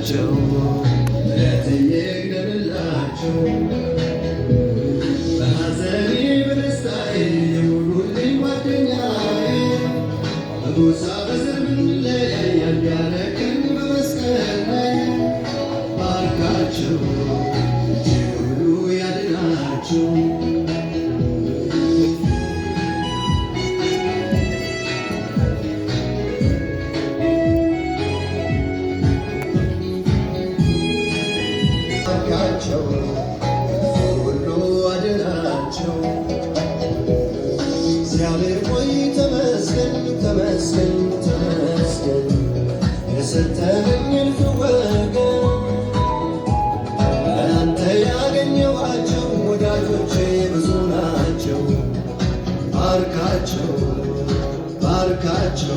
ይግደልላቸው፣ ምሕረት ይግደልላቸው። በሐዘኔ በደስታዬ የሙሉልኝ ጓደኛዬ በጎሳ በዘር ብንለያይ ያዳረቀን በመስቀል ላይ ባርካቸው፣ ሁሉ ያድናቸው የሰጠኸኝን ፍወገን በአንተ ያገኘኋቸው ብዙ ናቸው። ባርካቸው ባርካቸው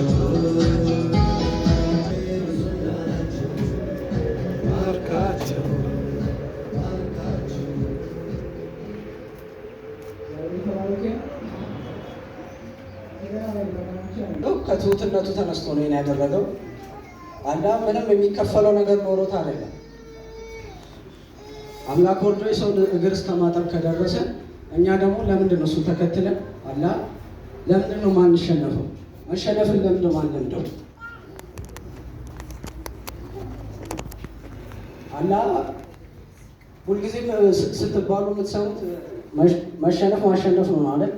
ከትሁትነቱ ተነስቶ ነው ያደረገው። አዳም ምንም የሚከፈለው ነገር ኖሮት አይደለም። አምላክ ወርዶ የሰው እግር እስከ ማጠብ ከደረሰ እኛ ደግሞ ለምንድን ነው እሱን ተከትለን አላ ለምንድን ነው ማንሸነፈው? መሸነፍን ለምንድን ነው ማንለምደው? አላ ሁልጊዜ ስትባሉ የምትሰሙት መሸነፍ ማሸነፍ ነው ማለት።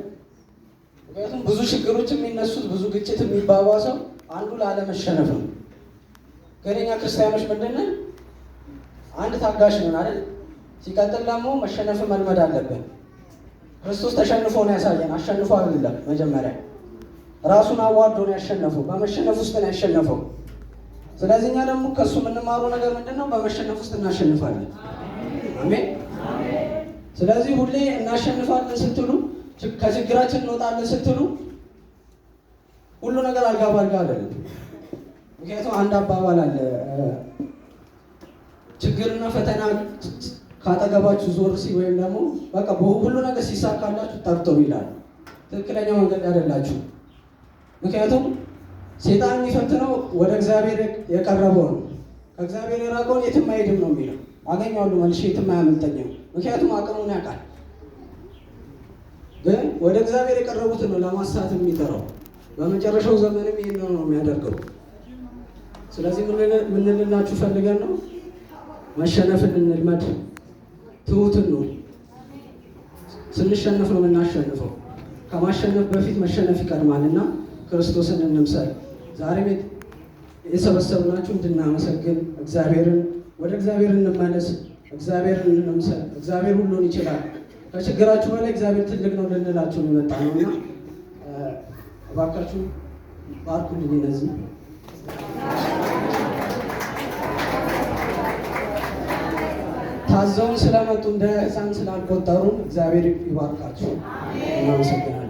ምክንያቱም ብዙ ችግሮች የሚነሱት ብዙ ግጭት የሚባባሰው አንዱ ላለመሸነፍ ነው። ግን እኛ ክርስቲያኖች ምንድነን? አንድ ታጋሽ ነን አይደል? ሲቀጥል ደግሞ መሸነፍ መልመድ አለብን። ክርስቶስ ተሸንፎ ነው ያሳየን፣ አሸንፎ አይደለም። መጀመሪያ ራሱን አዋርዶ ነው ያሸነፈው፣ በመሸነፍ ውስጥ ነው ያሸነፈው። ስለዚህ እኛ ደግሞ ከእሱ የምንማረው ነገር ምንድን ነው? በመሸነፍ ውስጥ እናሸንፋለን። አሜን። ስለዚህ ሁሌ እናሸንፋለን ስትሉ፣ ከችግራችን እንወጣለን ስትሉ ሁሉ ነገር አልጋ ባልጋ አይደለም። ምክንያቱም አንድ አባባል አለ፣ ችግርና ፈተና ካጠገባችሁ ዞር ሲ ወይም ደግሞ በቃ ሁሉ ነገር ሲሳካላችሁ ጠርጠሩ ይላል። ትክክለኛ መንገድ አይደላችሁ። ምክንያቱም ሴጣን የሚፈትነው ወደ እግዚአብሔር የቀረበው ነው። ከእግዚአብሔር የራቀውን የትም አይሄድም ነው የሚለው። አገኘዋለሁ መልሼ የትም አያመልጠኝም፣ ምክንያቱም አቅሙን ያውቃል። ግን ወደ እግዚአብሔር የቀረቡትን ነው ለማሳት የሚጠራው። በመጨረሻው ዘመንም ይህን ነው የሚያደርገው። ስለዚህ ምንልላችሁ ፈልገን ነው መሸነፍን እንልመድ። ትሁትን ነው ስንሸነፍ ነው የምናሸንፈው። ከማሸነፍ በፊት መሸነፍ ይቀድማል እና ክርስቶስን እንምሰል። ዛሬ ቤት የሰበሰብናችሁ እንድናመሰግን እግዚአብሔርን ወደ እግዚአብሔር እንመለስ። እግዚአብሔርን እንምሰል። እግዚአብሔር ሁሉን ይችላል። ከችግራችሁ በላይ እግዚአብሔር ትልቅ ነው ልንላችሁ የመጣ ነው እና እባካችሁ ባርኩልን እነዚህ ታዘውን ስለመጡ እንደ ህፃን ስላልቆጠሩን እግዚአብሔር ይባርካቸው። እናመሰግናለን።